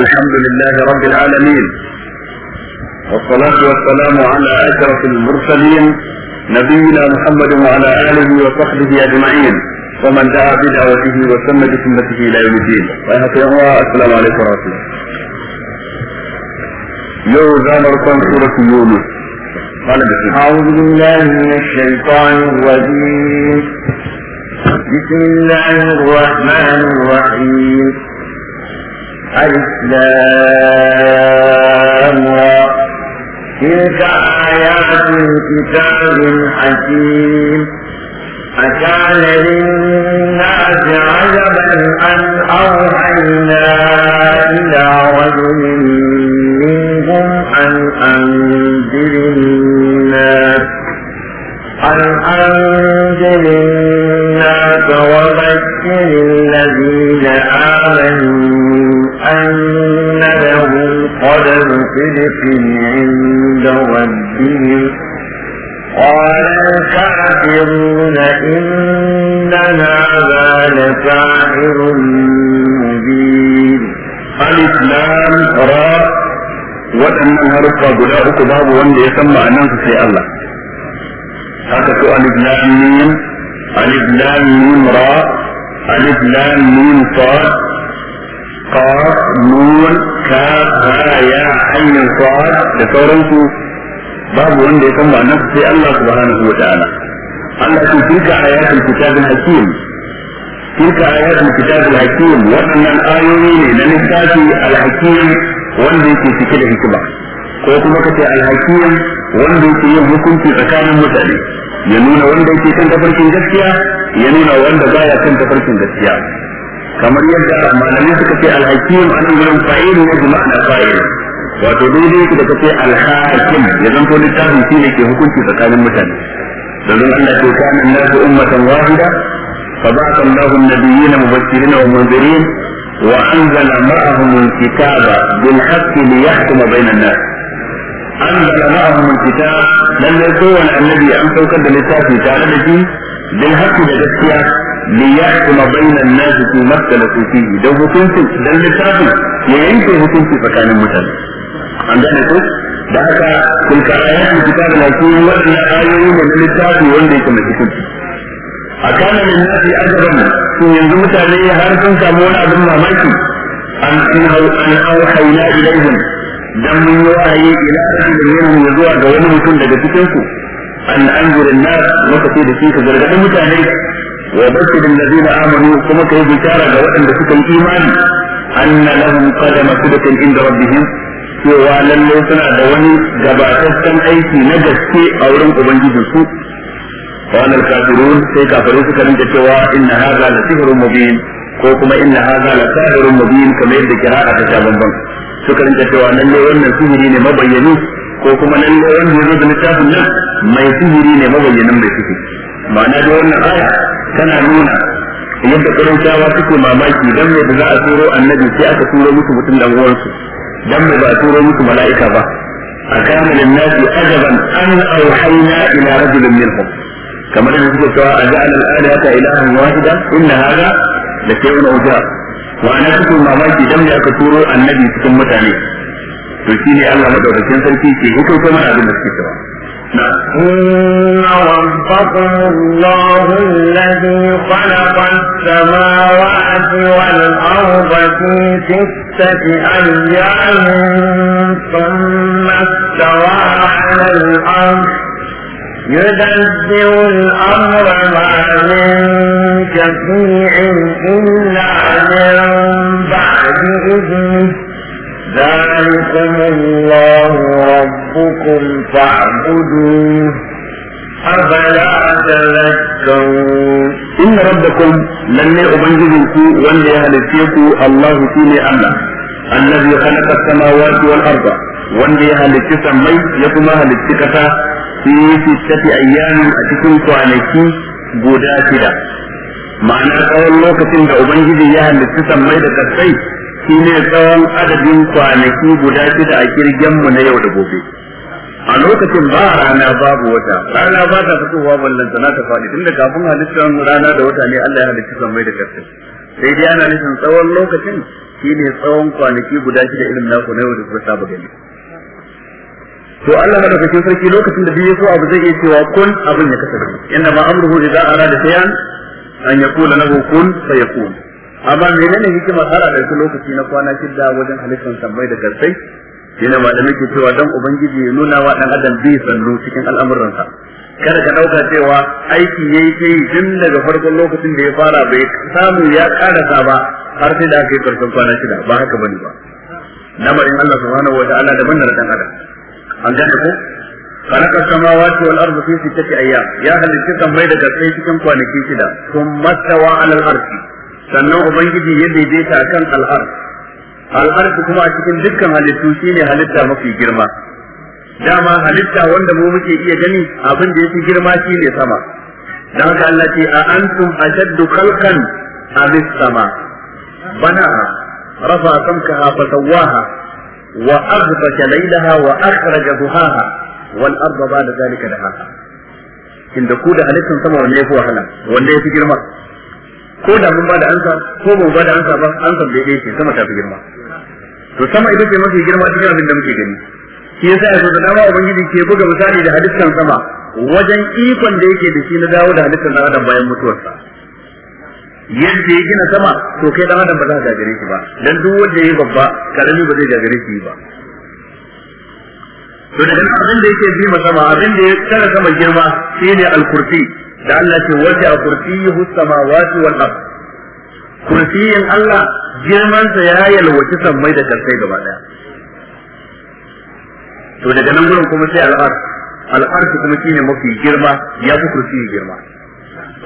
الحمد لله رب العالمين والصلاة والسلام على أشرف المرسلين نبينا محمد وعلى آله وصحبه أجمعين ومن دعا بدعوته وسمى بسنته إلى يوم الدين السلام عليكم ورحمة الله يو زامر سورة يونس قال أعوذ بالله من الشيطان الرجيم بسم الله الرحمن الرحيم الإسلام تلك آيات الكتاب الحكيم أكان للناس عجبا أن أوحينا إلى رجل منهم أن أنذر الناس أن أنذر الناس وبشر الذين آمنوا صدق عند ربه قال الكافرون إننا ذلك ساحر مبين الإسلام راء وأن أرقى بلا أكباب وأن يسمى أنه في الله هكذا الإسلام مين الإسلام مين راء الإسلام مين صاد قاف نون ka haya hanyar sa'ad da sauransu babu wanda ya san ba nan sai Allah subhanahu wa ta'ala Allah ce tilka ayatul kitabil hakim tilka ayatul kitabil hakim wannan ayoyi ne na littafi al-hakim wanda yake cike da hikima ko kuma kace al-hakim wanda yake yin hukunci tsakanin mutane ya nuna wanda yake kan tafarkin gaskiya ya nuna wanda baya kan tafarkin gaskiya kamar yadda malami suka ce alhakim an yi gurin fa'il ne kuma ana fa'il wato daidai ne da kace alhakim ya zan zanto littafin shi ne ke hukunci tsakanin mutane domin Allah ce kana nasu ummatan wahida fa ba'atha Allahu an-nabiyina mubashirin wa munzirin wa anzala ma'ahum al-kitaba bil haqqi li yahkuma bayna an-nas anzala ma'ahum al-kitaba lan أنزل an الكتاب da يكن tare da shi bil haqqi da gaskiya ليحكم بين الناس فيما اختلفوا فيه da hukunci dan littafin ya yanke hukunci tsakanin mutane an gane ko da haka kun ka ayatu na hakim wannan ayoyi ne na littafi wanda yake mai hukunci a kana min nasi ajaban to yanzu mutane har sun samu wani abin mamaki an Haina ilaihim dan mun yi wahayi ila rajulin ya zuwa ga wani mutum daga cikin su an anzur an-nas maka sai da shi ka gargadin mutane وبشر الذين آمنوا كما كي بشارة وأن بسك الإيمان أن لهم قدم صدق عند ربهم cewa lallai دواني da wani gabataccen في نجس في a wurin ubangijinsu قال الكافرون سيكا أفريس كلمة سوى إن هذا لسهر مبين كوكما إن هذا لسهر مبين كما يبدو كراءة تشابا سكرة سوى أن اللي وأن سهرين مبينين كوكما أن اللي وأن يريد لتاب الناس ما يسهرين مبينين بسكي معنى دي وأن آية tana nuna yadda karantawa suke mamaki don me da za a turo annabi sai aka turo musu mutum dan uwansu don me ba a turo musu mala'ika ba a kana lin nasi ajaban an auhayna ila rajulin minhum kamar da suke cewa ja'al al'ada ta ilahan wahida inna hada la shay'un ujab wa ana cikin mamaki don me aka turo annabi cikin mutane to shine Allah madaukakin sarki ke hukunta mana abin da suke cewa إن ربكم الله الذي خلق السماوات والأرض في ستة أيام ثم استوى على الأرض يدبر الأمر ما من شفيع إلا من بعد إذنه ذلكم الله ربكم فاعبدوه أفلا تذكرون إن ربكم لن أبنجدكم وأن يهلكيكم الله فيني الله الذي خلق السماوات والأرض وأن يهلكي سمي يكما هلكي كتا في ستة أيام أتكون كوانكي بودا ma'ana معنى قول الله ubangiji ya halitta sammai da kasai shine tsawon adadin kwanaki guda shida a kirgen mu na yau da a lokacin ba rana babu wata rana ba ta fitowa wallan tana ta faɗi tunda kafin halittar rana da wata ne Allah ya halitta mai da karfi sai dai ana nufin tsawon lokacin shine tsawon kwanaki guda shida irin naku na yau da kuka saba gani to Allah madaukakin sarki lokacin da bai so abu zai iya cewa kun abin ya kasance inna ma amruhu idza arada shay'an an yaqula lahu kun fayakun amma menene hikimar har a ɗauki lokaci na kwana shida wajen halittar sammai da karfi yana da ke cewa dan ubangiji ya nuna wa dan adam bi sannu cikin al'amuransa kada ka dauka cewa aiki yayi sai tun daga farkon lokacin da ya fara bai samu ya karasa ba har sai da aka yi karshen kwana shida ba haka bane ba lamarin Allah subhanahu wataala daban da dan adam an gane ko خلق السماوات والأرض في ستة أيام يا هل الشيطان بيد كرسي كم كوانكي كده ثم استوى على الأرض sannan ubangiji ya daidaita kan al'ar al'arfi kuma a cikin dukkan halittu shine halitta mafi girma dama halitta wanda mu muke iya gani abin da yake girma ne sama dan haka Allah ce a antum ashaddu khalqan am sama bana rafa samkaha fa sawaha wa aghbasha laylaha wa akhraja duhaha wal arda ba'da da dahaha inda ku da halittan sama wanne fi wahala ya fi girma ko da mun ba da ansa ko mun ba da ansa ba ansa bai dai sama ta fi girma to sama ita ce mafi girma cikin abin da muke gani shi yasa ya so dama ubangiji ke buga misali da halittar sama wajen ikon da yake da shi na dawo da halittar dan adam bayan mutuwarsa yadda ya gina sama to kai dan adam ba za ka gagare shi ba dan duk wanda ya yi babba karami ba zai gagare shi ba to da abin da yake bi sama abin da ya tsara sama girma shine al-kursi da Allah ce wata al-kursi hus samawati wal ardh kursiyin Allah girmansa sa ya yalwaci sammai da karsai gaba daya to daga nan gurin kuma sai al'ar al'ar kuma shine mafi girma ya fi kursiyin girma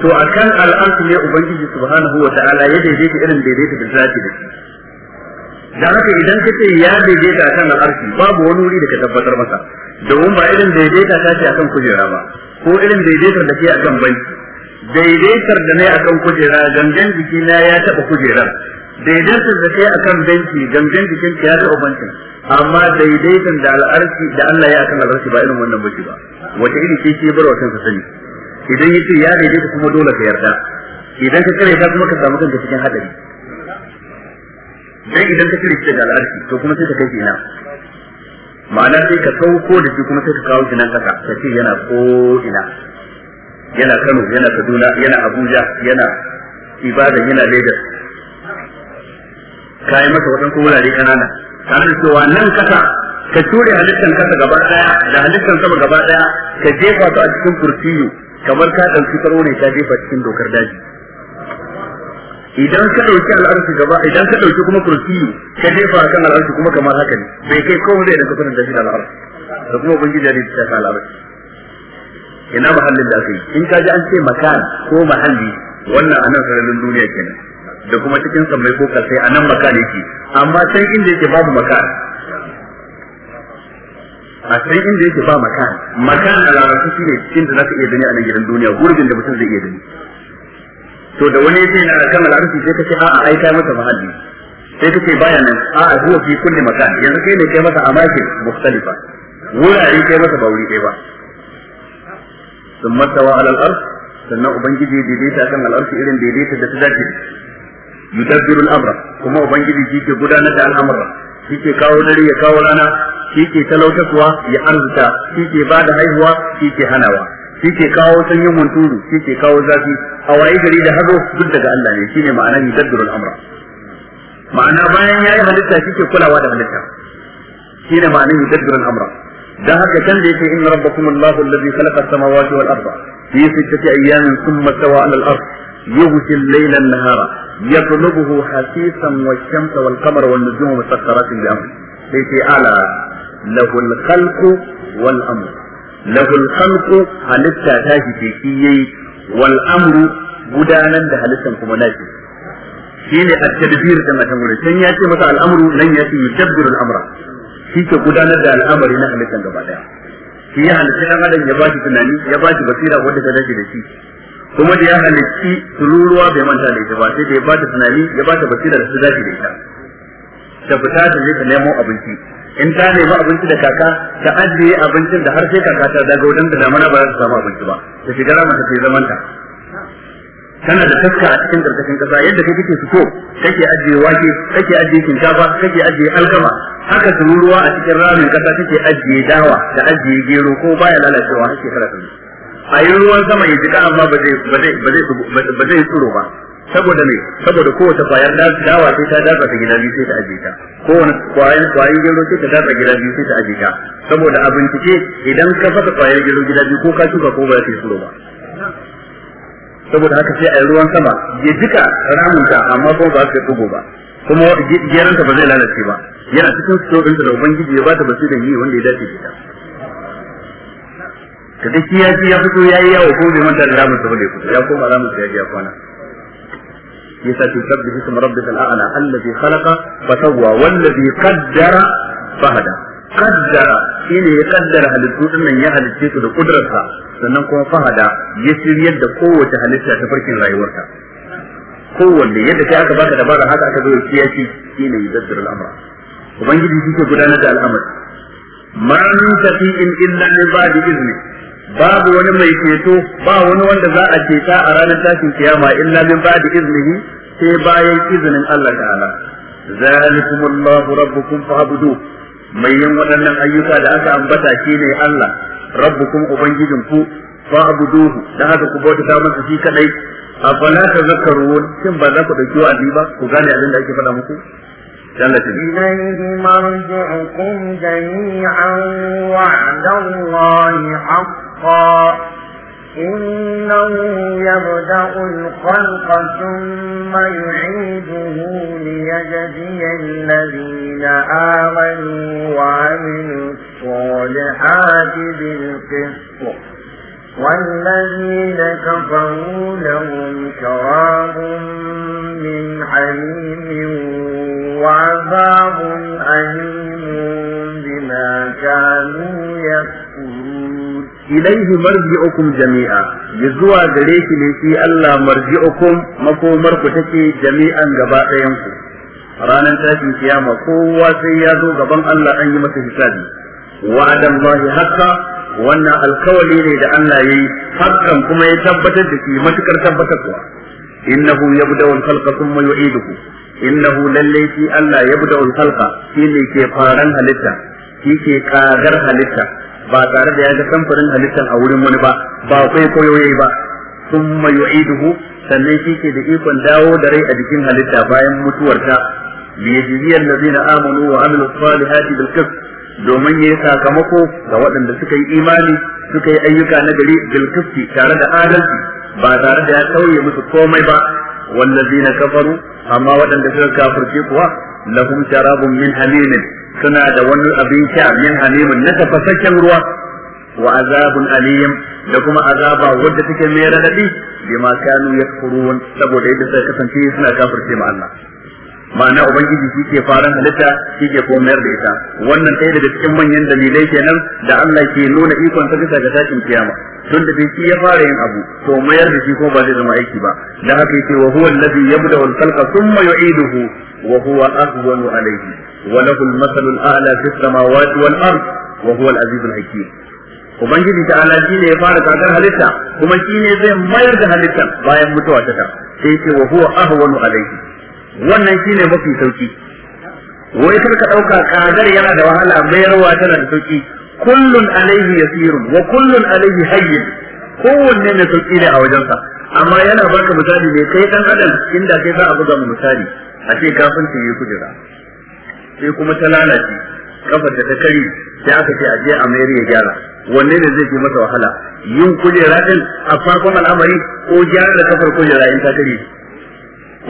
to akan al'ar ne ubangiji subhanahu wa ta'ala ya daidaita irin daidaita da zati da shi da haka idan ce ya daidaita akan al'arshi babu wani wuri da ka tabbatar masa domin ba irin daidaita ta ce akan kujera ba ko irin daidaitar da ke akan banki daidaitar da na yi akan kujera gangan jiki na ya taɓa kujerar daidaitar da kai akan benci gangan jikin ya taɓa bankin amma daidaitar da al'arki da Allah ya kan al'arki ba irin wannan baki ba wata iri ce ke bar wa kansa sani idan yace ya daidaita kuma dole ka yarda idan ka kare ka kuma ka samu kanka cikin hadari dan idan ka kare ka da al'arki to kuma sai ka kai ina ma'ana sai ka sauko da shi kuma sai ka kawo shi nan kasa sai yana ko ina yana Kano yana Kaduna yana Abuja yana Ibadan yana Lagos ka yi masa waɗansu wurare ƙanana tare da cewa nan kasa ka ture halittar kasa gaba ɗaya da halittar sama gaba ɗaya ka jefa su a cikin kursiyu kamar ka ɗauki tsaro ne ka jefa cikin dokar daji idan ka ɗauki al'arshi gaba idan ka ɗauki kuma kursiyu ka jefa a kan al'arshi kuma kamar haka ne bai kai komai zai da kasanin da shi da al'arshi da kuma ubangiji da ta al'arshi ina mahallin da aka yi in ka ji an ce makan ko mahalli wannan anan sararin duniya kenan da kuma cikin sammai ko a anan makan yake amma san inda yake babu makan a san inda yake ba makan makan a larabci shine cikin da zaka iya gani a nan gidan duniya gurbin da mutum zai iya gani to da wani yake yana kan larabci sai ka ce a'a ai kai masa mahalli sai kace baya nan a'a zuwa fi kulli makan yanzu kai ne kai masa amakin mukhtalifa wurare kai masa ba wuri kai ba sun masawa alal arsh sannan ubangiji ya daidaita kan al'arshi irin daidaita da ta dace yudabbiru al'amra kuma ubangiji shi ke gudanar da al'amura shi ke kawo dare ya kawo rana shi ke talautarwa ya arzuta shi ke ba da haihuwa shi ke hanawa shi ke kawo sanyin hunturu shi ke kawo zafi a waye gari da hazo duk daga Allah ne shine ma'anar yudabbiru al'amra ma'ana bayan yayi halitta shi ke kulawa da halitta shine ma'anar yudabbiru al'amra dan haka kan da yake inna rabbakum allahu alladhi khalaqa as-samawati wal arda fi sittati ayyamin thumma stawa 'ala al-ardh yughshi al-layla an-nahara yatlubuhu hasisan wash-shamsa wal-qamara wan-nujumu musakhkharatin bi-amri sai ce ala lahu al-khalqu wal-amr lahu al-khalqu halitta ta shi ke yayi wal-amru gudanar da halittan kuma nashi shine at-tadbir da matan gurin ya ce masa al-amru nan ya ce yudabbiru al-amra shi ke gudanar da al'amari na halittar gaba daya shi ya halitta ɗan adam ya bashi tunani ya bashi basira wanda ta dace da shi kuma da ya halitti tururuwa bai manta da ita ba sai da ya bata tunani ya bata basira da za dace da ita ta fita ta je ta nemo abinci in ta nemi abinci da kaka ta ajiye abincin da har sai kaka ta daga wajen da damana ba za ta samu abinci ba ta shiga rama ta sai zamanta kana da taska a cikin karkashin kasa yadda kake kike fito kake ajiye wake kake ajiye shinkafa kake ajiye alkama haka ruwa a cikin ramin kasa kake ajiye dawa da ajiye gero ko baya lalacewa kake karatu a yi ruwan sama ya jika amma ba zai ba zai ba zai tsuro ba saboda me saboda kowace kwayar dawa sai ta dafa ta gida biyu sai ta ajiye ta kowane kwayar kwayar gero sai ta dafa gida biyu sai ta ajiye ta saboda a bincike idan ka fasa kwayar gero gida biyu ko ka shuka ko ba za ta yi tsuro ba saboda haka sai a yi ruwan sama ya jika ramunta amma kuma ba su ya ba kuma geranta ba zai lalace ba yana cikin sojinta da ubangiji ya bata basirin yi wanda ya dace da Ta da shi ya ji ya fito ya yi yawo ko bai manta da ramunta ba da ya fito ya koma ramunta ya ji ya kwana yasa ki sabbi hism rabbikal a'la allazi khalaqa fa sawwa wallazi qaddara fa hada kaddara ne ya kaddara halittu dinnan ya halicce su da kudurarsa sannan kuma fahada ya shiryar da kowace halitta ta farkin rayuwarta kowanne yadda kai aka baka dabara haka aka zo ya ci shine yadda al'amura ubangiji shi ke gudanar da al'amari ma min tafi'in illa min ba'di izni babu wani mai ceto ba wani wanda za a ceta a ranar tashin kiyama illa min ba'di iznihi sai bayan izinin Allah ta'ala zalikumullahu rabbukum fa'buduhu mai yin waɗannan ayyuka da aka ambata ne Allah rabbukum ubangijinku abuduhu da haka ku bauta masa shi kadai ta tazakkarun shin ba za ku dauki wa'azi ba ku gane abin da ake faɗa muku إليه مرجعكم جميعا وعد الله حقا إنه يبدأ الخلق ثم يعيده ليجزي الذين آمنوا وعملوا الصالحات بالقسط والذين كفروا لهم شراب من حليم وعذاب أليم بما كانوا يكفرون ilaihi marji'ukum jami'a zuwa gare shi ne shi Allah marji'ukum makomar ku take jami'an gaba ɗayan ku ranar tashin kiyama kowa sai ya zo gaban Allah an yi masa hisabi wa'adan Allah hakka wannan alkawali ne da Allah yayi hakkan kuma ya tabbatar da shi matukar tabbatar kuwa innahu yabda'u al-khalqa thumma yu'iduhu innahu lallai shi Allah yabda'u al-khalqa shi ne ke faran halitta shi ke kagar halitta ba tare da ya ga samfurin halittar a wurin wani ba ba kai koyoyi ba sun yu'iduhu sannan shi ke da ikon dawo da rai a jikin halitta bayan mutuwarta bi da zina amanu wa amina salihati hati bilkis domin yayi sakamako ga waɗanda suka yi imani suka yi ayyuka na gari bilkiski tare da adalci ba tare da ya sauye musu komai ba wallazina kafaru amma waɗanda suka kafirce kuwa lahum sharabun min hamimin suna da wani abin sha min hamimin na tafasasshen ruwa wa azabun aliyim da kuma azaba wadda take mai radadi bima kanu yakfurun saboda yadda suka kasance suna kafirce ma Allah ma'ana ubangiji shi ke faran halitta shi ke komayar da ita wannan ɗaya daga cikin manyan dalilai kenan da Allah ke nuna ikon sa bisa ga tashin kiyama tun da shi ya fara yin abu to mayar da shi ko ba zai zama aiki ba da haka yake wa huwa allazi yabda'u al-khalqa thumma yu'iduhu wa huwa ahwanu alayhi wa lahu al-mathalu al-a'la fi samawati wal-ard wa huwa al-aziz hakim ubangiji ta ala shi ne ya fara kakar halitta kuma shi ne zai mayar da halittar bayan mutuwa ta ta sai ce wa huwa ahwanu alayhi wannan shi ne mafi sauki wai kar ka dauka kadar yana da wahala bayarwa tana da sauki kullun alaihi yasirun wa kullun alaihi hayyin kowanne ne sauki ne a wajensa amma yana baka misali ne kai dan adam inda kai za a buga mu misali a ce kafin ta yi kujera sai kuma ta lalace kafar ta kari sai aka ce a je a mayar ya gyara wanne ne zai fi masa wahala yin kujera din a farkon al'amari ko gyara da kafar kujera in ta kari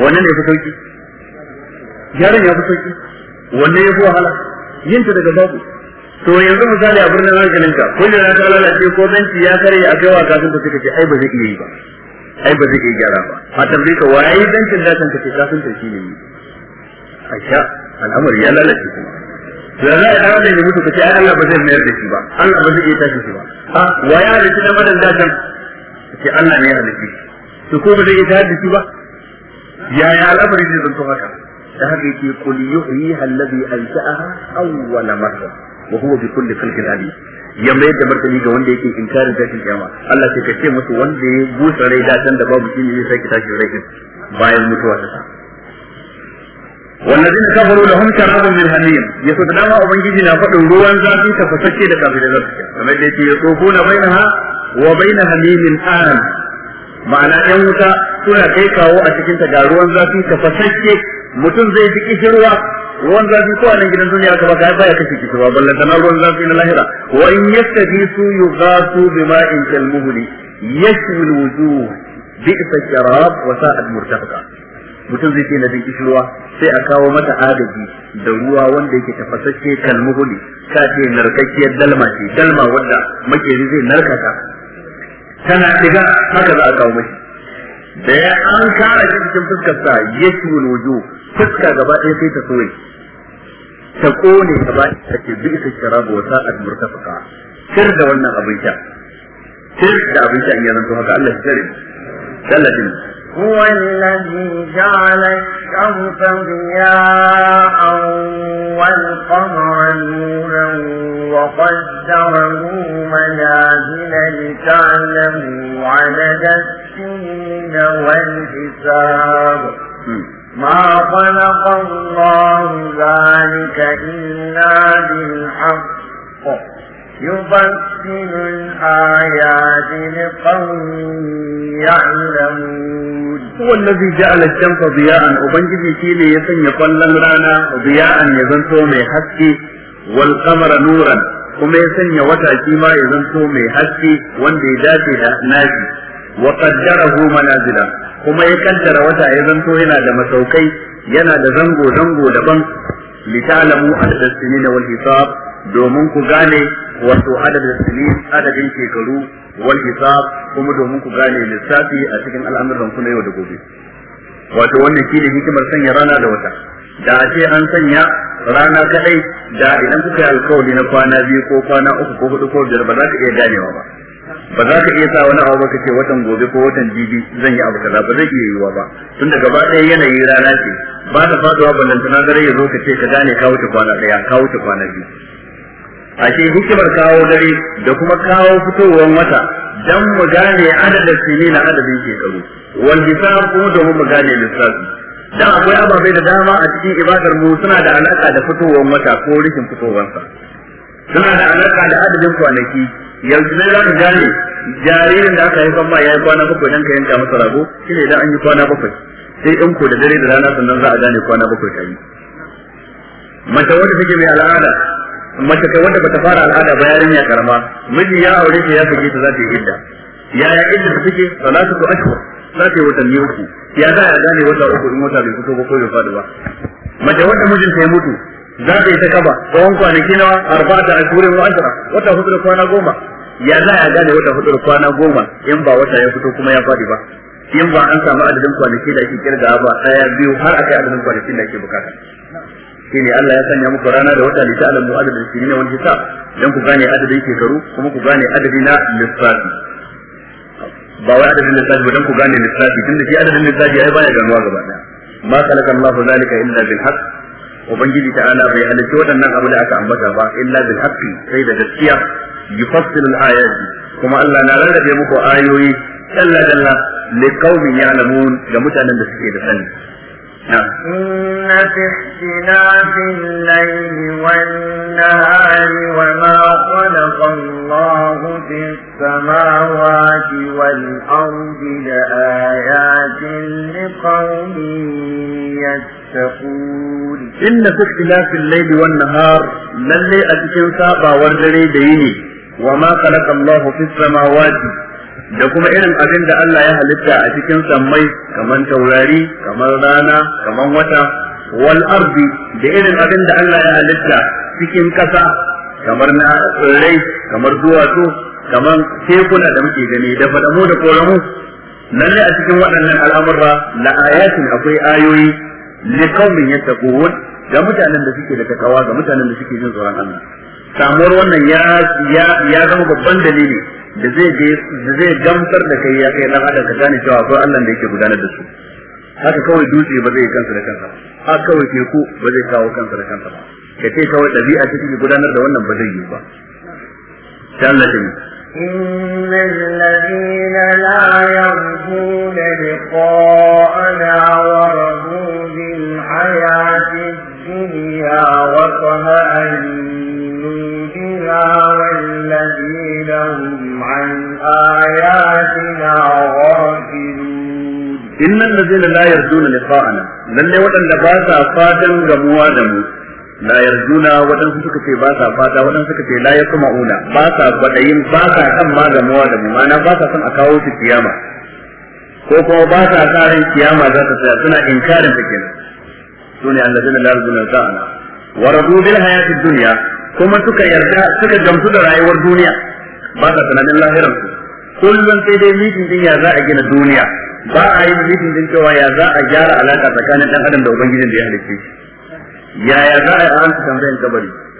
wanne ne fi sauki yaron ya fi sauki wanne ya fi wahala yin ta daga babu to yanzu misali a birnin ka ko yana ta lalace ko benci ya kare a kaiwa kafin ka suka ce ai ba zai iya yi ba ai ba zai iya gyara ba a tambaye ka waye bencin da kanka ce kafin ta shi ne yi a sha al'amari ya lalace kuma da za a dawo da ya mutu ka ce ai Allah ba zai mayar da shi ba Allah ba zai iya tashi shi ba a wa halitta na madan da kan Allah ne ya halitta shi to ko ba zai iya tashi shi ba yaya al'amari zai zanto haka da haka yake qul yuhyiha alladhi ansha'aha awwala marra wa huwa bi kulli khalqin alim ya mai da martani ga wanda yake inkarin tashin kiyama Allah sai ka ce musu wanda ya busa rai da san da babu shi ne sai ki tashi rai bayan mutuwa ta sa Wannan da كفروا لهم شراب من حميم يسود دما ubangiji na fadin ruwan zafi ta fasacce da kafirai zasu kamar da yake yasofuna bainaha wa bain hamimin an ma'ana yan wuta suna kai kawo a cikin ta ga ruwan zafi ta fasacce mutum zai ji kishirwa ruwan zafi ko a nan gidan duniya ka baka ya kashe kishirwa ballan tana ruwan zafi na lahira wa in yastabisu yughasu bima'in kalmuhli yashwi wujuh bi sharab wa sa'ad murtafaqa mutum zai tina na kishirwa sai a kawo mata adadi da ruwa wanda yake tafasasshe kalmuhli ka ce narkakkiyar dalma ce dalma wanda makeri zai narkata tana diga haka za a kawo mashi da an kara shi cikin fuskar sa yashwi wujuh fuska gaba ɗaya sai ta soye ta kone gaba ɗaya ta ke bi isa sharabu wa sa'ad murtafaka sir da wannan abin sha sir da abin sha in ya zanto haka Allah ya Allah din هو الذي جعل الشمس ضياء والقمر نورا وقدره منازل لتعلموا عدد السنين والحساب ما خلق الله ذلك إلا بالحق يبسل الآيات لقوم يعلمون هو الذي جعل الشمس ضياء وبنجي شيلي يسن يقلن رانا ضياء يزنتو مي حسكي والقمر نورا kuma يسن sanya كيما shi ma حسكي zanto mai haske wanda ya kuma ya kaddara wata ya zanto yana da masaukai yana da zango zango daban litalamu adadin sinin wal hisab domin ku gane wato adadin sinin adadin shekaru wal hisab kuma domin ku gane lissafi a cikin al'amuran ku na yau da gobe wato wannan shi ne hikimar sanya rana da wata da a ce an sanya rana kadai da idan kuka yi alkawari na kwana biyu ko kwana uku ko hudu ko biyar ba za ka iya ganewa ba ba za ka iya sa wani abu ka ce watan gobe ko watan jibi zan yi abu kaza ba zai iya yiwuwa ba tunda gaba ɗaya yanayi rana ce ba ta faduwa tana dare ya zo ka ce ka gane ka wuce kwana ɗaya ka wuce kwana biyu a ce hikimar kawo dare da kuma kawo fitowar wata dan mu gane adadin sini na adadin shekaru wal hisab kuma domin mu gane lissafi dan akwai ababai da dama a cikin ibadar mu suna da alaka da fitowar wata ko rikin fitowarsa suna da alaka da adadin kwanaki yanzu dai za ka gane jaririn da aka haifan ma ya yi kwana bakwai dan ka yanka masa rago shine idan an yi kwana bakwai sai in ko da dare da rana sannan za a gane kwana bakwai ta yi mace wanda take mai al'ada mace kai wanda bata fara al'ada ba yarinya karama miji ya aure ta ya fage ta za ta yi idda yaya idda ta take salatu ko ashhur za ta yi watanni uku ya za a gane wata uku in wata bai fito ba ko bai faɗi ba mace wanda mijinta ya mutu za ta yi ta kaba tsawon kwanaki nawa arba da ashirin wa ashira wata hudu da kwana goma ya za a gane wata hudu da kwana goma in ba wata ya fito kuma ya faɗi ba in ba an samu adadin kwanaki da ake kirga ba ɗaya biyu har akai adadin kwanaki da ake bukata shine Allah ya sanya muku rana da wata lita alamu adadin shi ne wani hisab dan ku gane adadin shekaru kuma ku gane adadin na lissafi ba wai adadin lissafi ba dan ku gane lissafi tunda shi adadin lissafi ai baya ganuwa gaba daya ma kalaka Allah zalika illa bil haqq ubangiji ta'ala bai halarci waɗannan abu da aka ambata ba illa bil haqqi sai da gaskiya yufassilu al-ayati kuma Allah na rarrabe muku ayoyi dalla dalla liqaumin ya'lamun ga mutanen da suke da sani إن في اختلاف الليل والنهار وما خلق الله في السماوات والأرض لآيات لقوم يتقون إن في اختلاف الليل والنهار للي أتكن سابع والدري ديني وما خلق الله في السماوات da kuma irin abin da Allah ya halitta a cikin sammai kamar taurari kamar rana kamar wata wal ardi da irin abin da Allah ya halitta cikin kasa kamar na tsirrai kamar duwatsu kamar tekuna da muke gani da fadamu da koramu nan ne a cikin waɗannan al'amura la ayatin akwai ayoyi li qaumin yattaqun ga mutanen da suke da takawa ga mutanen da suke jin tsoron Allah samuwar wannan ya ya ya zama babban dalili da zai gamsar da kai ya kai dan adam ka gane cewa akwai Allah da yake gudanar da su haka kawai dutse ba zai kansa da kansa haka kawai teku ba zai kawo kansa da kansa ba ka ce kawai dabi'a take gudanar da wannan ba zai yi ba Allah إن الذين لا يرجون لقاءنا ورضوا بالحياة الدنيا وطمأنوا بها والذين هم عن آياتنا غافلون إن الذين لا يرجون لقاءنا لن يودن لباسا فاتن جموا la yarjuna wadan suka ce ba sa fata wadan suka ce la yasma'una ba sa gwadayin ba sa kan magamuwa da mu mana ba sa son a kawo su kiyama ko kuma ba sa sa ran kiyama za ta tsaya suna inkarin ta kenan sune allazina la yarjuna sa'ana wa radu bil hayati dunya kuma suka yarda suka gamsu da rayuwar duniya ba sa tunanin lahiran su kullum sai dai mitin din ya za a gina duniya ba a yi mitin din cewa ya za a gyara alaka tsakanin dan adam da ubangijin da ya halicce shi yaya za a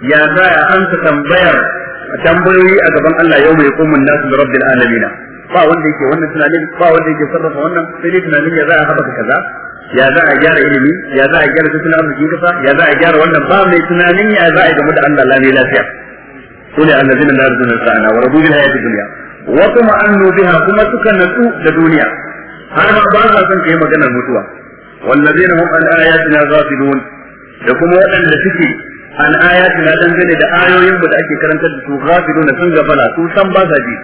ta tambayar kabari ya za a ta tambayar tambayoyi a gaban Allah yau mai kumun nasu da rabbil alamina ba wanda yake wannan tunanin ba wanda yake sarrafa wannan sai dai tunanin ya za a haɓaka kaza ya za a gyara ilimi ya za a gyara tattalin arzikin kasa ya za a gyara wannan ba mai tunanin ya za a game da Allah lami lafiya su ne zina la yarjuna sa'ana wa rabu ya hayati dunya wa kuma nufi biha kuma suka natsu da duniya har ma ba sa son yi maganar mutuwa wallazina hum an ayatina ghafilun da kuma waɗanda suke an ayati na dangane da ayoyin da ake karantar da su gafiru na sun gabana su san ba sa ji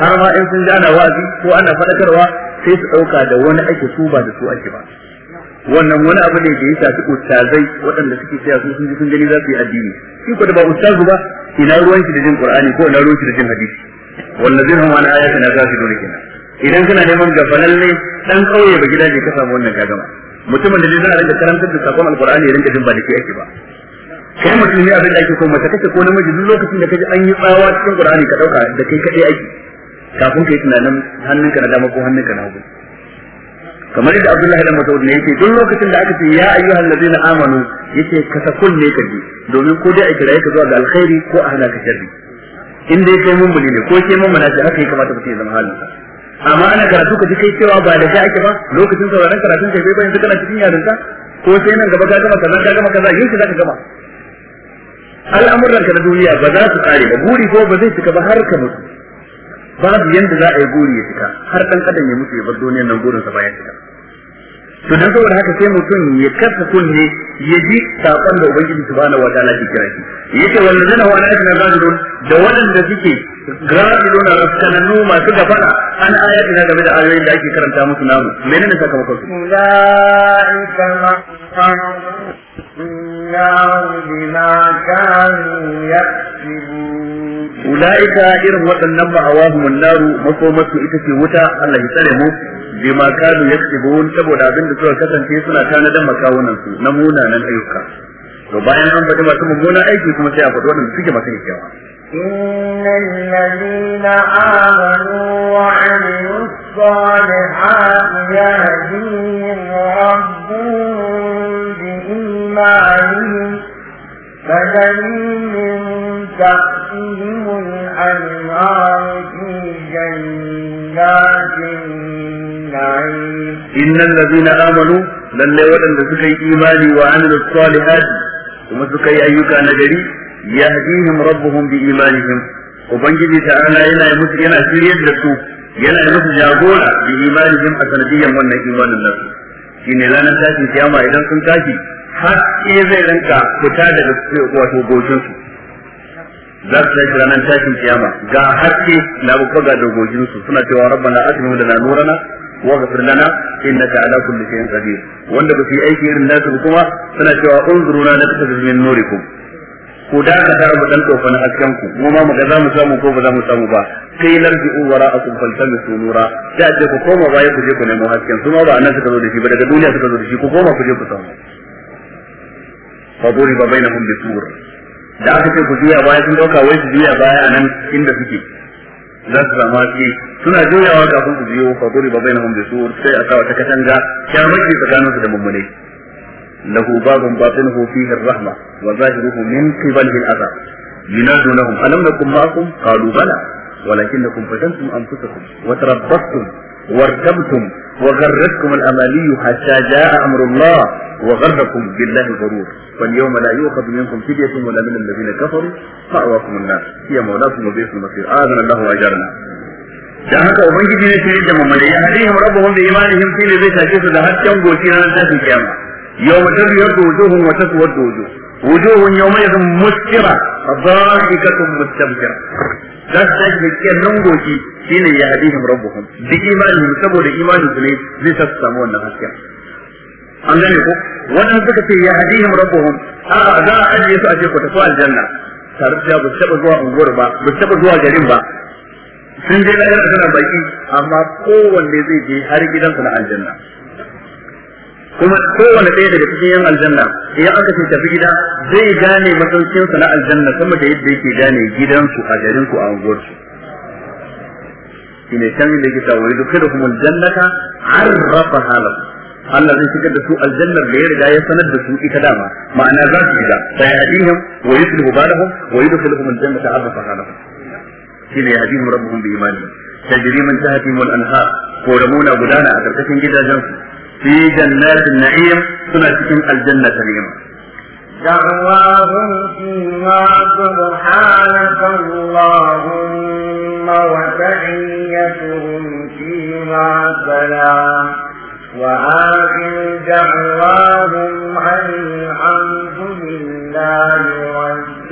har ma in sun ji ana wazi ko ana faɗakarwa sai su ɗauka da wani ake su ba da su ake ba wannan wani abu ne da ya shafi ustazai waɗanda suke tsaya su sun ji sun gani za su yi addini shi ko da ba ustazu ba ina ruwan shi da jin qur'ani ko ina ruwan shi da jin hadisi na ayatu na ayatina gafilun kenan idan kana neman gafalalle dan kauye ba gidaje ka samu wannan gagama mutumin da zai zana rinka karantar da sakon alkur'ani ya rinka jin ba da ke ake ba kai mutum ne abin da ake ko mace kake ko namiji duk lokacin da kaji an yi tsawa cikin qur'ani ka dauka da kai kadai ake kafin kai tunanin hannunka na dama ko hannunka na hagu kamar yadda Abdullahi da Mas'ud ne yake duk lokacin da aka ce ya ayyuhal ladina amanu yake ka sakun ne kaji domin ko dai a kira ka zuwa ga alkhairi ko a hana ka sharri in dai kai mun ne ko kai mun mana haka ya kamata mutum ya zama halin amma ana karatu ka ji kai cewa ba da ake ba lokacin sauraron karatun kai bai bayan kana cikin yarinta ko sai nan gaba ka gama kaza ka gama kaza yin za zaka gama al'amuran ka na duniya ba za su kare ba guri ko ba zai cika ba har ka mutu babu yanda za a yi guri ya cika har dan kadan ya mutu ya bar duniyar nan gurin sa bayan cika to dan saboda haka sai mutum ya kasa kunne ya ji sakon da ubangiji subhanahu wataala ke kira shi yace wannan zana wa ayatu na gadulun da wadanda suke gadulun na raskananu masu fara an ayati na game da ayoyin da ake karanta musu namu menene sakamakon su ulaika ma النار بما كانوا يكسبون أولئك إرم وطنم أواهم النار مصومة إتسي وتا الله يسلمه بما كانوا يكسبون saboda abin da suka kasance suna tanadan makawunan su na munanan ayyuka to bayan an faɗi masu mummuna aiki kuma sai a faɗi waɗanda suke masu kyakkyawa إن الذين آمنوا وعملوا الصالحات يهديهم ربهم بإيمانهم فدليل تأتيهم الأنهار في جنات النعيم إن الذين آمنوا لن يولد سكي إيماني وعملوا الصالحات وما سكي أيك نجري yahdihim rabbuhum bi imanihim ubangiji ta'ala yana yi musu yana shiryar da su yana yi musu jagora bi imanihim a sanadiyyan wannan imanin nasu shine ranar tashin kiyama idan sun tashi haske zai rinka fita daga wato gojinsu za su tashi ranar tashin kiyama ga haske na babba ga dogojinsu suna cewa rabbana atmim lana nurana wa ghfir lana innaka ala kulli shay'in qadir wanda ba su yi aiki irin nasu kuma suna cewa unzuruna naktabi min nurikum ku dakata mu dan tofa na hasken ku mu ma mu ga za mu samu ko ba za mu samu ba kai larji'u wara'akum faltamisu nura da ce ku koma baya ku je ku nemo hasken su ma ba nan suka zo da shi ba daga duniya suka zo da shi ku koma ku je ku samu fa duri ba bainahum bisur da aka ce ku biya baya sun dauka wai su biya baya anan inda suke za su samu haske suna juyawa kafin ku biyo fa duri ba bainahum bisur sai a sa wata katanga kyamaki tsakaninsu da mummune. له باب باطنه فيه الرحمة وظاهره من قبله الأذى ينادوا لهم ألم نكن معكم قالوا بلى ولكنكم فتنتم أنفسكم وتربصتم وارتبتم وغرتكم الأماني حتى جاء أمر الله وغركم بالله الغرور فاليوم لا يؤخذ منكم فدية ولا من الذين كفروا مأواكم الناس هي مولاكم وبئس المصير آذن الله وأجرنا dan haka ubangiji ne shi da mamale ya hadihim rabbuhum bi imanihim fi zai take su da goci tashin kiyama يوم تبيض وجوه وتسود وجوه وجوه يومئذ مسكرة ضاحكة مستبشرة za su tashi da kiyar shi ne ya hadihim rabbuhum da imanin saboda imanin su zai sa su wannan hasken an gane ko waɗanda suka ce ya hadihim rabbuhum a za a ajiye su a ce ku tafi aljanna tare da ba su taɓa zuwa unguwar ba ba taɓa zuwa garin ba sun je na yana baki amma kowanne zai je har gidansa na aljanna kuma kowane ɗaya daga cikin yan aljanna idan aka ce tafi gida zai gane masaukinsa na aljanna sama da yadda yake gane gidansu a garinku a unguwarsu shine can da yake tawari duk da kuma aljannata arrafa halam Allah zai shigar da su aljannar da ya riga ya sanar da su ita dama ma'ana za su gida. shiga sai hadihim wa da balahum wa yudkhiluhum aljannata arrafa halam shine hadihim rabbuhum bi imani tajri ta tahtihim mun anhar ko ramuna gudana a karkashin gidajensu fi jannatin na'im suna cikin aljanna ta فيها سبحانك اللهم وتحيتهم فيها سلام وآخر دعواهم عن الحمد لله رب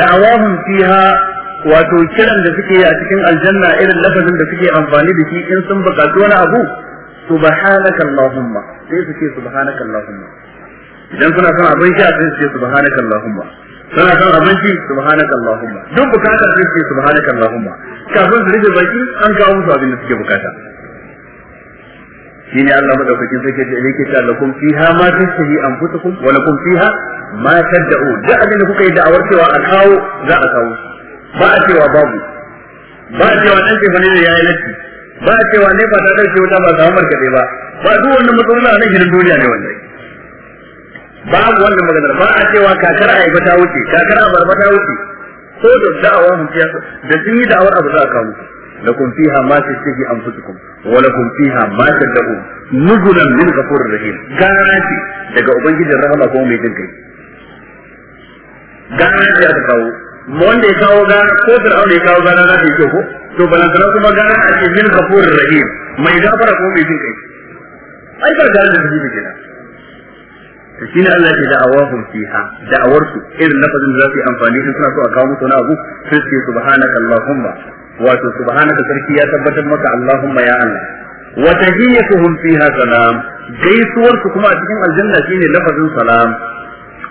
دعواهم فيها wato kiran da suke a cikin aljanna irin lafazin da suke amfani da shi in sun buƙaci wani abu subhanaka allahumma sai su ce subhanaka idan suna son abin sha sai su ce subhanaka allahumma suna son abinci subhanaka allahumma duk bukata sai su ce subhanaka allahumma kafin su rike baki an kawo musu abin da suke bukata shine Allah madaukakin yake ta lakum fiha ma anfusukum wa lakum fiha ma tad'u da abin da kuka yi da'awar cewa a kawo za a kawo ba a cewa babu ba a cewa dan ce bane yayi latti ba a cewa ne ba ta ce, wuta ba samu markaɗe ba ba duk wannan matsalolin a nan gidan duniya ne Ba babu wanda maganar ba a cewa kakar aiba ta wuce kakar abarba ta wuce ko da da'awa mun fiya da sun yi da'awar abu za a kawo kun lakum fiha ma kun fi ha lakum fiha ma tad'un nuzulan min da rahim garanti daga ubangijin rahama ko mai jin kai a ta kawo wanda ya kawo gana ko fir'aun ya kawo gana za ta yi kyau ko to balantana kuma gana a ce min ghafurur rahim mai gafara ko mai jin kai ai ba da da jibi kina to shine Allah ya da awahum fiha da'awar su irin lafazin da za su yi amfani in suna so a kawo musu na abu sai su subhanaka allahumma wato subhanaka sarki ya tabbatar maka allahumma ya Allah wa tahiyyatuhum fiha salam gaisuwarsu su kuma a cikin aljanna shine lafazin salam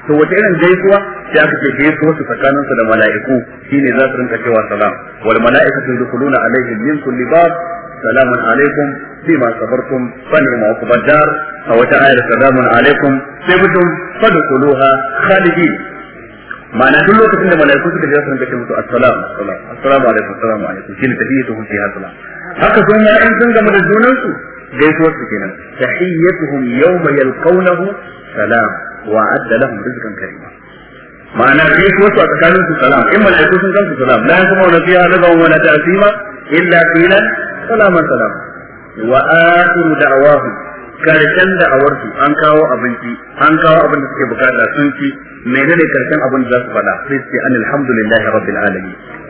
to wata irin gaisuwa sai aka ce gaisuwa su tsakanin su da mala'iku shine za su rinka cewa salam wal mala'ikatu yadkhuluna alaihim min kulli bab salamun alaikum bima sabartum fa ni'ma uqbad dar a wata ayar salamun alaikum sai mutum fadkhuluha khalidin ma'ana duk lokacin da mala'iku suka za su rinka ce musu assalamu assalamu alaikum assalamu alaikum shine tahiyatuhum fiha salam haka sun ya in sun gama da junansu gaisuwar su kenan tahiyatuhum yawma yalqawnahu salam wa adda lahum rizqan karima ma'ana fi su a tsakanin su salam in malaiku sun kansu salam la yakuma wala fiha ladan wala ta'sima illa qilan salaman salam wa akhiru karshen da'awarsu an kawo abinci an kawo abin da suke bukata sun ci menene karshen abin da za su faɗa sai su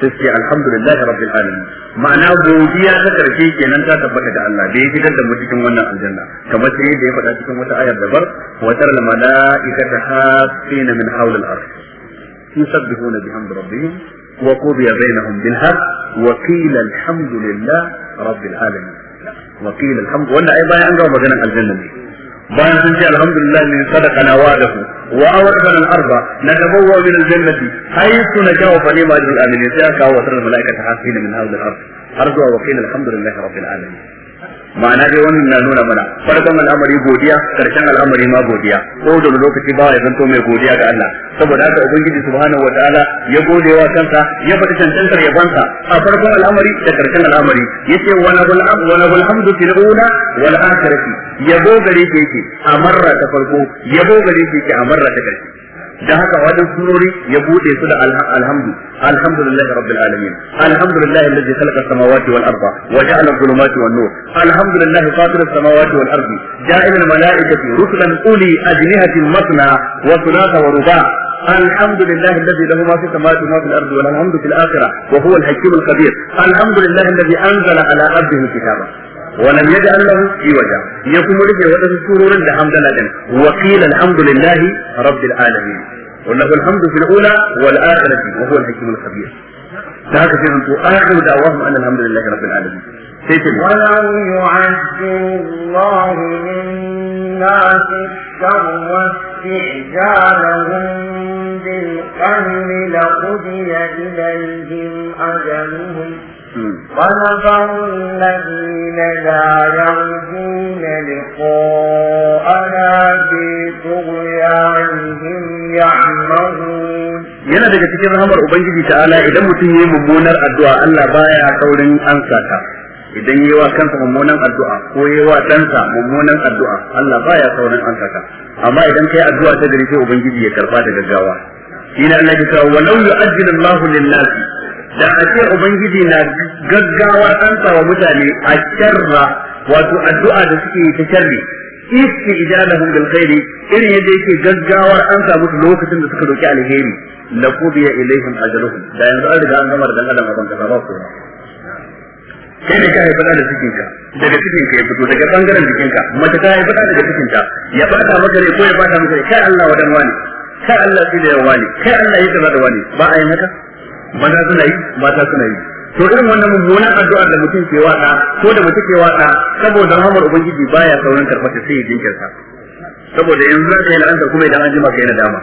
sai ce alhamdulillah rabbil alamin ma'ana godiya ta karshe kenan ta tabbata da Allah da ya fitar da mu cikin wannan aljanna kamar sai da ya faɗa cikin wata ayar dabar wa taral malaikata hasina min hawl al-arsh yusabbihuna bihamdi rabbihim wa qudiya bainahum bil haqq wa qila alhamdulillah rabbil alamin wa qila alhamd wannan ai bayan an gama maganar aljanna ne bayan sun ce alhamdulillah min sadaqana wa'adahu وأورثنا الأرض نتبوأ من الجنة حيث نشاء فنيم أجر الامنين سيأكا وأثر الملائكة حافين من هذا الأرض أرجو وقيل الحمد لله رب العالمين ma'ana dai wannan na nuna mana farkon al'amari godiya karshen al'amari ma godiya ko da lokaci ba ya zanto mai godiya ga Allah saboda haka ubangiji subhanahu wataala ya gode wa kansa ya faɗi cancantar yabansa a farkon al'amari da karshen al'amari yace wa nabul wa nabul hamdu fil ula wal akhirati yabo gare ke yake a marra ta farko yabo gare ke yake a marra ta karshe Da haka wadan surori ya bude su da alhamdu alhamdulillahi rabbil alamin alhamdulillahi alladhi khalaqa samawati wal arda wa ja'ala dhulumati wan nur alhamdulillahi fatir samawati wal ardi ja'ila al-mala'ikati rusulan uli ajnihatin masna wa thulatha wa ruba' الحمد لله الذي له ما في السماوات وما في الارض والحمد في الاخره وهو الحكيم الخبير الحمد لله الذي انزل على عبده الكتاب ولم يجعل له عوجا يقوم رفع ودس سرورا لحمد الله وقيل الحمد لله رب العالمين وله الحمد في الأولى والآخرة وهو الحكيم الخبير ذاك في آخر دعواهم أن الحمد لله رب العالمين ولو يعجل الله للناس الشر واستعجالهم بالقلب لقضي إليهم أجلهم ونذر الذين لا يرجون لقاءنا في طغيانهم يعمهون yana daga cikin rahamar ubangiji ta'ala idan mutum yi mummunar addu'a Allah baya saurin ansa ta idan yi wa kansa mummunan addu'a ko yi wa ɗansa mummunan addu'a Allah baya saurin ansa ta amma idan kai addu'a ta gari sai ubangiji ya karba da gaggawa Ina Allah ya ce wa yu'ajjilu Allahu lin-nasi da a ce ubangiji na gaggawa tsanta wa mutane a sharra wato addu'a da suke yi ta sharri iski ijalahum bil khairi irin yadda yake gaggawar an samu lokacin da suka roki alheri na kubiya ilaihim ajaluhum da yanzu an riga an gama da dan adam ka da ba ko kai ne ka bada da cikin ka daga cikin ka ya fito daga bangaren jikin ka mace ta haifa daga cikin ta ya bada maka ne ko ya bada maka ne? kai Allah wadan wani kai Allah sai da wani kai Allah yake da wani ba a yi haka maza suna yi mata suna yi to irin wannan mummunan addu'ar da mutum ke wada ko da mutum ke wada saboda rahmar ubangiji baya sauran karfata sai ya jinkirta saboda yanzu za ka yi la'anta kuma idan an ji maka yana dama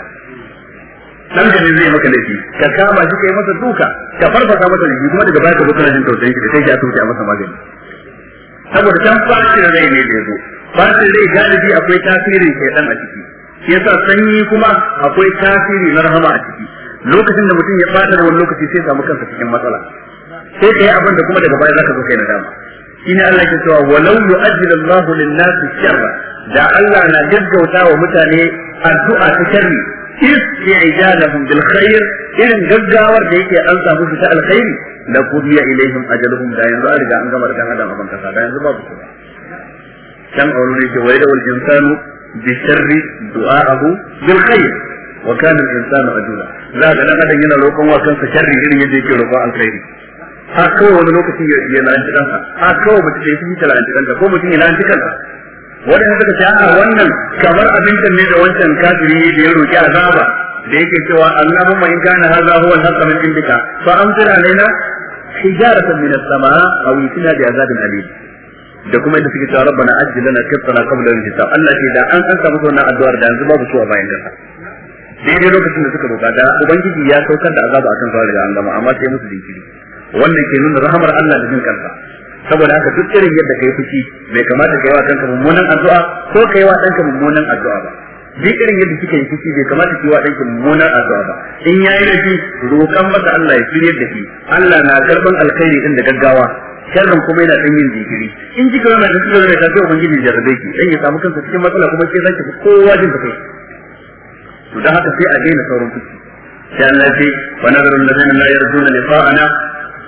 dan da zai maka laifi ka kama shi kai masa duka ka farfasa masa jiki kuma daga baya ka zo kana jin tausayin shi da sai ya tuce a masa magani saboda can fashin rai ne da yazo fashin rai galibi akwai tasirin shaytan a ciki yasa sanyi kuma akwai tasiri na rahama a ciki lokacin da mutum ya fada da wani lokaci sai samu kansa cikin matsala sai kai abin da kuma daga baya zaka zo kai dama. shine Allah ke cewa walau yu'ajjilu Allahu lin-nasi sharra da Allah na gaggauta wa mutane addu'a ta sharri isti'jalahum bil khair irin gaggawar da yake an samu ta alkhairi la qudiya ilaihim ajaluhum da yanzu an riga an gama da adam abin kasa da yanzu ba ku kan aure ne ke wai da wal insanu bi sharri du'a'ahu bil khair wa kana al-insanu ajula za ga dan adam yana roƙon wa kansa sharri irin yadda yake roƙon alkhairi a kawai wani lokaci ya lalace kansa a kawai mutum ya fi lalace kansa ko mutum ya lalace kansa wadanda suka ce a wannan kamar abincin ne da wancan kafiri da ya roƙi azaba da yake cewa Allahumma in kana hadha huwa al-haqq min indika fa amtir alaina hijaratan min as sama aw itina bi azabin alim da kuma yadda suke cewa rabbana ajjilna qitana qabla al-hisab Allah ce da an san ka musu wannan addu'ar da yanzu babu su bayan kasa daidai lokacin da suka roƙa da ubangiji ya saukar da azaba akan fara da an amma sai musu jinkiri wannan ke nuna rahamar Allah da jin kansa saboda haka duk irin yadda kai fushi bai kamata kai wa kanka mummunan addu'a ko kai wa danka mummunan addu'a ba duk irin yadda kika yi fushi bai kamata kai wa danka mummunan addu'a ba in yayi laifi roƙan masa Allah ya shirye da shi Allah na karban alkhairi din da gaggawa sharrin kuma yana ɗan yin zikiri in kika yana da cikin da ta ce ubangiji ya rabe ki dan ya samu kansa cikin matsala kuma ke zaki kowa jin kai to dan haka sai a daina sauran fushi sai Allah ya ce wa nazaru allazina la yarjuna liqa'ana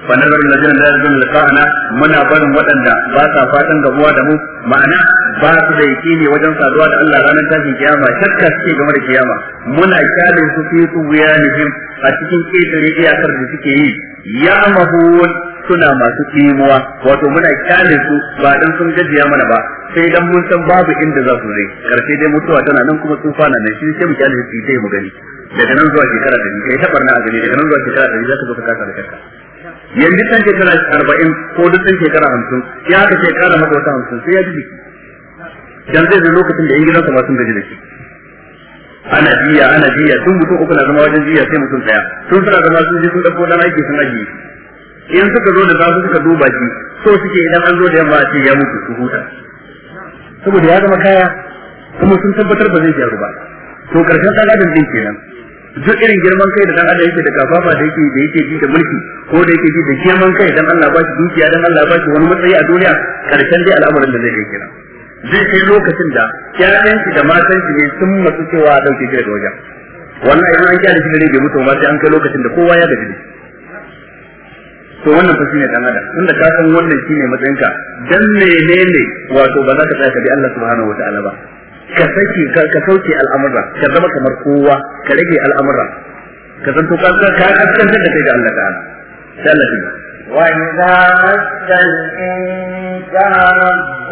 fa nazaru allazina la yarjuna liqa'ana muna barin waɗanda ba sa fatan gabuwa da mu ma'ana ba su da ne wajen saduwa da Allah ranar tashin kiyama shakka suke game da kiyama muna kyalin su fi su wuyanihim a cikin ƙetare iyakar da suke yi ya mahun suna masu tsimuwa wato muna kyale su ba dan sun gajiya mana ba sai dan mun san babu inda za su zai karshe dai mutuwa tana nan kuma sun fana nan shi sai mu kyale su sai mu gani daga nan zuwa shekara da ni kai ta barna a gani daga nan zuwa shekara da ni za ka zo ka kasa da kanka yanzu san shekara arba'in ko duk san shekara hamsin ya ka shekara haka wata hamsin sai ya ji dan zai zo lokacin da yan gidansa sun gaji da shi ana jiya ana jiya sun mutum uku na zama wajen jiya sai mutum daya sun suna zama sun je sun ɗauko dan aiki sun ajiye in suka zo da zasu suka duba shi so suke idan an zo da yamma a ce ya mutu su huta saboda ya zama kaya kuma sun tabbatar ba zai jaru ba to karshen tsagadin din kenan duk irin girman kai da dan adam yake da kafafa da yake da yake ji da mulki ko da yake ji da girman kai dan Allah ba shi dukiya dan Allah ba shi wani matsayi a duniya karshen dai al'amarin da zai kai kenan zai kai lokacin da ƴaƴan shi da matan shi ne sun matsu cewa a dauke shi daga wajen wannan idan an kiyaye shi da bai mutu ba sai an kai lokacin da kowa ya gaji to wannan fa shine dan adam tunda ka san wannan shine matsayinka dan menene wato ba za ka tsaya ka bi Allah subhanahu wataala ba ka saki ka sauke al'amura ka zama kamar kowa ka rage al'amura ka san to ka ka askantar da kai da Allah ta'ala sai Allah ya وإذا مس الإنسان الضر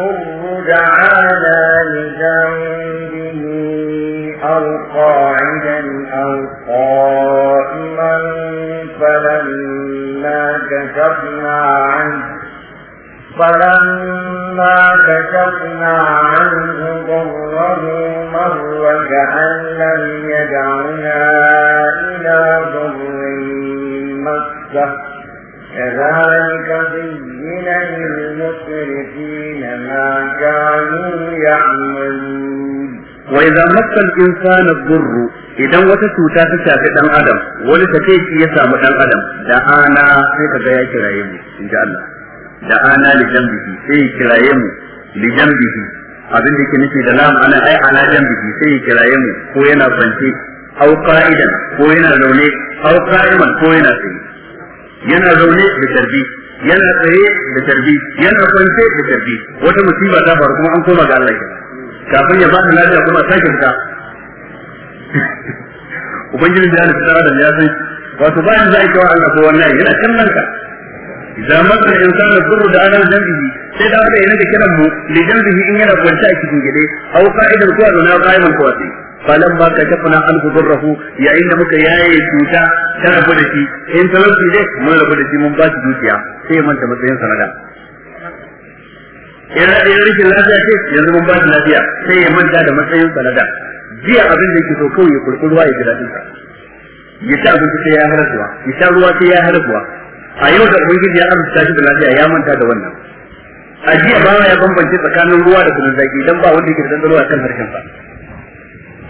دعانا لجنبه أو قاعدا أو قائما فلما كشفنا عنه فلما كشفنا عنه ضره مر كأن لم يدعنا إلى ضر مسه كذلك زين للمسرفين ما كانوا يعملون wa idza masal insana dhurru idan wata cuta ta shafi ɗan adam wani take shi ya samu dan adam da ana sai ka ga kiraye mu inda Allah da ana li jambihi sai ya kiraye mu li abin da yake nufi da lam ana ai ala jambihi sai ya kiraye mu ko yana kwance au qa'idan ko yana zaune au qa'iman ko yana tsaye yana zaune da tarbi yana tsaye da tarbi yana kwance da tarbi wata musiba ta faru kuma an koma ga Allah kafin ya bani lafiya kuma sake fita ubangiji da ya tsara da yasin wato bayan zai kawo Allah ko wannan yana kallon ka idan masa insanu duru da anan zambihi sai da aka yana da kiran mu da zambihi in yana kwance a cikin gide au qa'idan ko na qa'iman ko wasi falan ba ka tafana an gudurrahu yayin da muka yaye cuta ta rabu da shi in talauci dai mun rabu da shi mun ba shi dukiya sai ya manta matsayin sanada yana da yin rikin lafiya ce yanzu mun ba shi lafiya sai ya manta da matsayin sanada jiya abin da yake so kawai ya kurkuri ruwa ya ji daɗin sa ya ci abinci sai ya hana ruwa ya sha ruwa sai ya hana ruwa a yau da ubangiji ya amsa shi da lafiya ya manta da wannan a jiya ba ya bambance tsakanin ruwa da kunun zaki dan ba wanda yake da dandano a kan harshen sa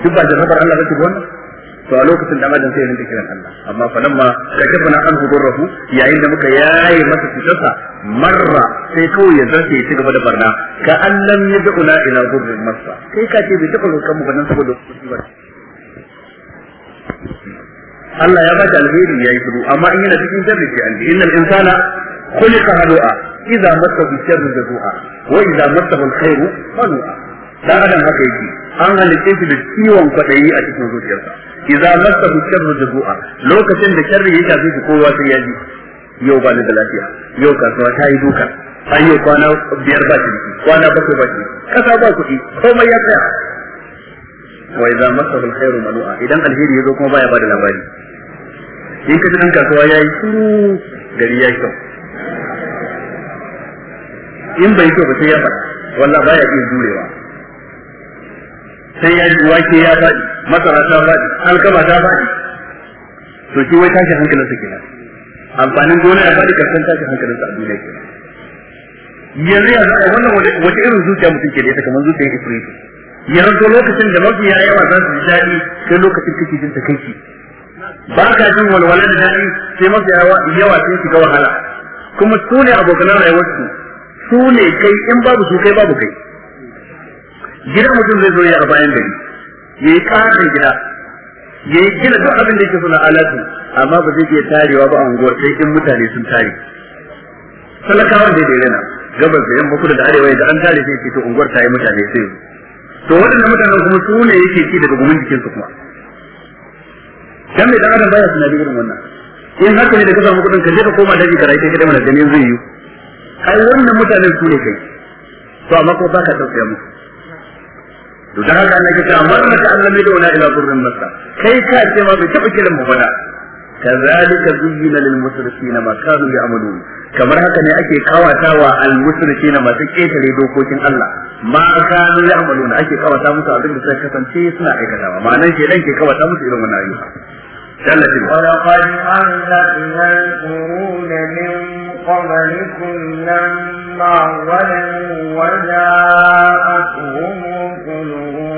duk ba da Allah ba ce wannan to a lokacin da madan sai rinka kiran Allah amma fa lamma kashafna an hudurruhu yayin da muka yaye masa cutarsa marra sai kawai ya zace ya ci gaba da barna ka allam yad'una ila gurrin masa kai ka ce bai taba rokan mu ganin saboda musibar Allah ya bata alheri yayi kudu amma in yana cikin sharri sai an innal insana khuliqa halu'a idza massahu sharru jazu'a wa idza massahu alkhairu manu'a dan adam haka yake an halitta shi da ciwon kwadayi a cikin zuciyarsa idza massahu sharru jazua lokacin da sharri ya tafi shi kowa sai ya ji yau ba ni da lafiya yau kasuwa ta yi duka an yau kwana biyar ba ciki kwana bakwai ba ciki kasa ba kuɗi komai ya tsaya wa idza massahu alkhairu manu'a idan alheri ya zo kuma baya bada labari in ka dan kasuwa yi shiru gari ya yi kyau in bai kyau ba sai ya faɗa wallahi baya iya jurewa sai ya wake ya faɗi masara ta faɗi alkama ta faɗi to shi wai tashi hankalin su kenan amfanin gona ya faɗi karshen tashi hankalin sa a duniya kenan yanzu ya a wannan wata irin zuciya mutum ke da ita kamar zuciyar ifriti yanzu lokacin da mafiya yawa za su ji daɗi sai lokacin kake jin kanki ba ka jin walwala da daɗi sai mafi yawa sai shiga wahala kuma su ne abokanan rayuwarsu su ne kai in babu su kai babu kai gidan mutum zai zo ya a bayan gari ya yi ƙarin gida ya yi gina duk abin da yake suna alatu amma ba zai iya tarewa ba a unguwar sai in mutane sun tare talakawan da yana gabas da yamma kudu da arewa da an tare sai fito unguwar ta yi mutane sai to waɗannan mutanen kuma su ne yake ci daga gumin jikinsu kuma dan mai dan adam baya da irin wannan in haka ne da ka samu kudin ka je ka koma daji ka rayu kai mana ganin zai yi ai wannan mutanen su ne kai to amma ko baka tausaya musu to dan haka Allah ya ce amma in ta Allah mai dauna ila burrin masa. kai ka ce ma bai taba kiran mu bada kazalika zuyyina lil musrifina ma kanu ya'malun kamar haka ne ake kawatawa al musrifina masu ketare dokokin Allah ma kanu ya'malun ake kawata musu abin da suka kasance suna aikatawa Ma'anan ke dan ke kawata musu irin wannan ayyuka ولقد أهلكنا القرون من قبلكم لما ظلموا وجاءتهم رسلهم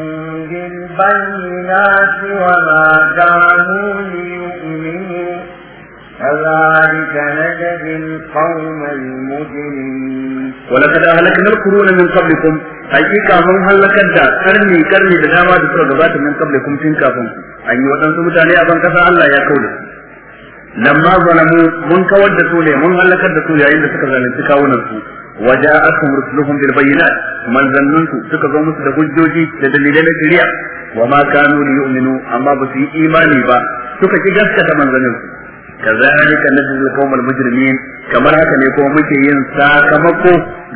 بالبينات وما كانوا ليؤمنوا كذلك نجزي القوم المجرمين ولقد أهلكنا القرون من قبلكم hakika mun halakar da karni karni da dama da suka gabata min kabla kun tun kafin an yi waɗansu mutane a ban Allah ya kaule lamma zalamu mun kawar da su ne mun halakar da su yayin da suka zalunci kawunan su وجاءتهم رسلهم بالبينات من ظننت suka zo musu da hujjoji da dalilai na shari'a wa ma kanu liyu'minu amma ba su yi imani ba suka ki gaskata manzanin su kazalika najzil qawmal mujrimin kamar haka ne kuma muke yin sakamako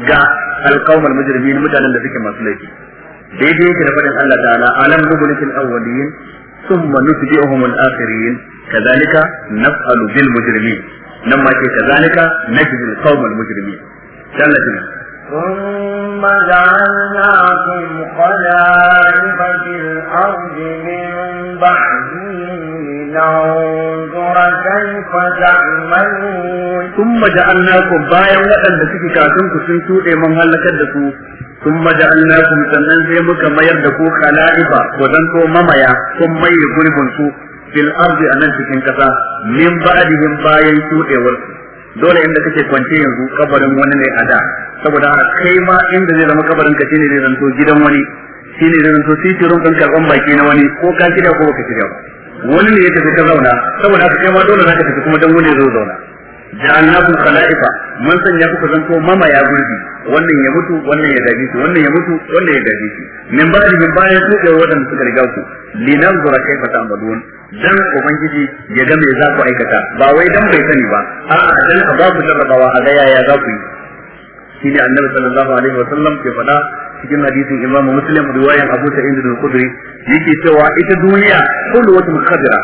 ga alqawmal mujrimin mutanen da suke masu laifi daidai yake da faɗin Allah ta'ala alam nublikil awwalin thumma nutbi'uhum al-akhirin كذلك نفعل بالمجرمين نما nan ma ce kazalika najzil qawmal mujrimin ثم جعلناكم خلائف في الأرض من بعدهم لننظر كيف تعملون ثم جعلناكم بايا وأن تكي كاتنكم سنتو إيمان هلكت دكو ثم جعلناكم سنن زي مكا مير دكو خلائف وزنتو مميا ثم يقول بنسو fil ardi anan cikin kasa min ba'dihim bayan tudewar dole inda kake kwance yanzu kabarin wani ne a da saboda kai ma inda zai zama kabarin ka shine zai zanto gidan wani shine zai zanto sai sitirin kan karban baki na wani ko ka shirya ko baka shirya ba wani ne ya tafi ka zauna saboda haka kai ma dole zaka tafi kuma dan wani zai zauna ja'alnakum khala'ifa mun sanya ku ku zanto ya gurbi wannan ya mutu wannan ya gaji shi wannan ya mutu wannan ya gaji shi min ba'di min bayan su da wadanda suka riga ku linanzura kaifa ta'malun dan ubangiji ya ga me za ku aikata ba wai dan bai sani ba a'a dan a babu jarrabawa a ga yaya za ku yi shine annabi sallallahu alaihi wasallam ke faɗa cikin hadisin imamu muslim riwayan abu sa'id al-khudri yake cewa ita duniya kullu wata khadira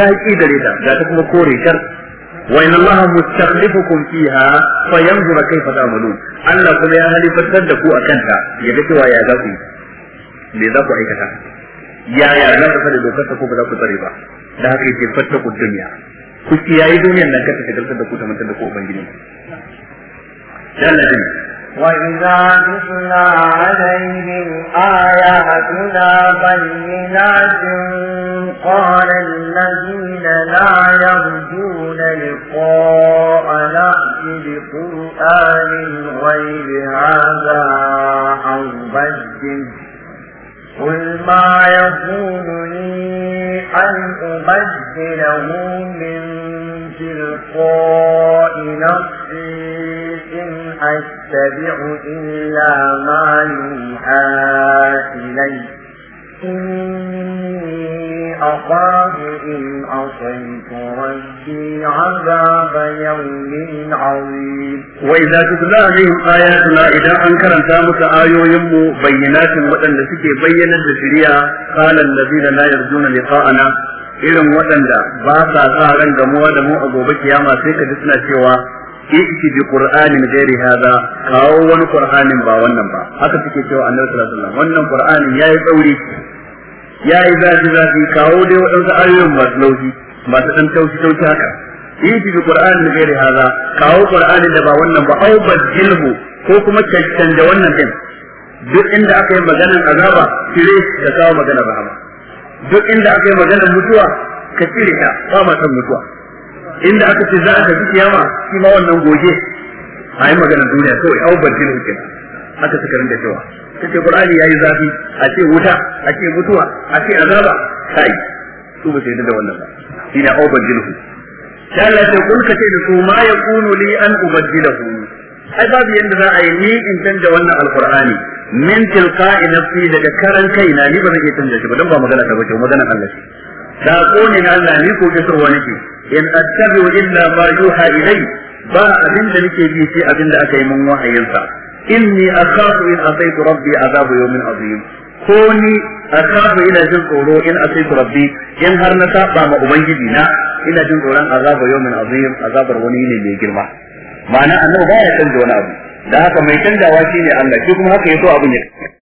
zaki da rida ga ta kuma kore shar وإن الله مستخلفكم فيها فينظر كيف تعملون Allah kuma ya halifattar da ku a kanta ya ga cewa ya za ku me za ku aikata ya ya za ku tsare dokar ta ba za ku tsare ba da haka yake fatta ku duniya ku kiyaye duniyar nan ka ta shigar da ku ta mantar da ku ubangiji Allah ne وإذا تتلى عليهم آياتنا بينات قال الذين لا يرجون لقاء نأتي بقرآن غير هذا أو بدله قل ما يكون لي أن أبدله من تلقاء نفسي إن أتبع إلا ما يوحى إليه أخاف إن عصيت ربي عذاب يوم عظيم وإذا تتلى عليهم آياتنا إذا أنكر أن تامت آيو يم بينات وأن لسكي بينا بشريعة قال الذين لا يرجون لقاءنا إذن وأن لا باسا sa ran gamuwa da mu يا ما سيك جسنا ka ائتي بقرآن غير هذا كاو ون قرآن با wannan ba haka suke cewa annabi sallallahu alaihi wasallam wannan qur'anin yayi tsauri yayi zafi zafi kawo dai wadansu ayoyin masu laushi masu dan tausi tausi haka ائتي بقرآن غير هذا kawo qur'anin da ba wannan ba au badilhu ko kuma da wannan din duk inda aka yi maganar azaba kire da kawo maganar rahama duk inda aka yi maganar mutuwa ka cire ta ba ma san mutuwa inda aka ce za a tafi kiyama shi ma wannan goge a yi maganar duniya kawai au bakin hukin aka suka rinda cewa ta ce ya yi zafi a ce wuta a ce mutuwa a ce azaba kai su ba sai da wannan ba Shi ne au bakin hukin ta Allah kun ka ce da su ma kunu li an ubaddilahu ai babu yanda za a yi ni in canja wannan alqur'ani min tilqa'i nafsi daga karan kaina ni ba zan iya canja shi ba dan ba magana ta ce magana Allah ce da ko ne Allah ni ko ke so wani ke in attabi'u illa ma yuha ilai ba abin da nake bi sai abin da aka yi min wahayin sa inni akhafu in asaitu rabbi azabu yawmin azim ko ni akhafu ina jin tsoro in asaitu rabbi in har na saba ma ubangiji na ina jin tsoron azabu yawmin azim azabar wani ne mai girma ma'ana annabi baya canza wani abu da haka mai canjawa shine Allah shi kuma haka yaso abin ya